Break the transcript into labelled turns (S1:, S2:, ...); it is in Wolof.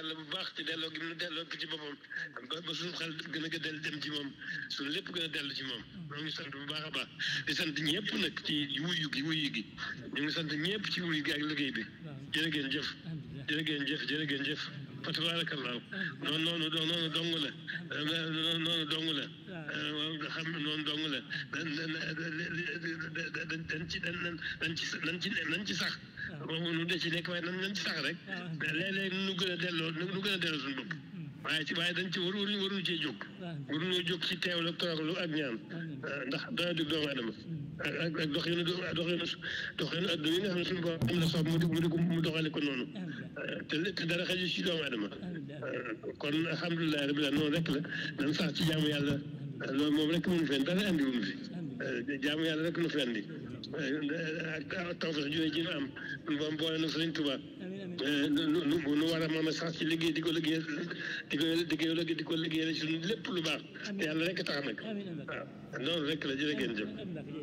S1: yàlla bu baax te delloo gi mu delloo ko ci boppam ba ba suñu xel gën a gëdal dem ci moom suñu lépp gën a dellu ci moom ñoo ngi sant bu baax a baax di sant ñëpp nag ci wuyu gi wuyu gi ñu ngi sant ñëpp ci wuyu gi ak liggéey bi jërë ngeen jëf jërë ngeen jëf jërë ngeen jëf fa tabaarakallaahu noonu noonu noonu dong la noonu dong la xam noonu dong la dañ ci dañ ci dañ ci sax nu de ci nekk waaye nan nan ci sax rek ndax léeg-léeg nu gën a delloo nu gën a delloo suñu bopp waaye ci waaye dañ ci waru waru waruñu cee jóg waruñoo jóg ci teew la toroglu ak ñaan ndax dana dig doomu adama ak ak ak dox yéen dox yéen dox yéen adduna yi nga xam ne suñu bopp am na soob mu di mu di mu doxale ko noonu te te dara xaju ci doomu adama kon alhamdulilah rabbil aalamiin noonu rek la dañ sax ci jaamu yàlla loolu moom rek mënu fi dara andi wuñu fi jaamu yàlla rek nu fi andi ak taw bi jooy ji nu am nu ba boole nu Sëriñ Tuubaa nu nu war a mën a sax ci liggéey di ko liggéey di ko liggéey di ko liggéey la ci lépp lu baax te yàlla rek tax nag waaw noonu rek la jërë ngeen jëf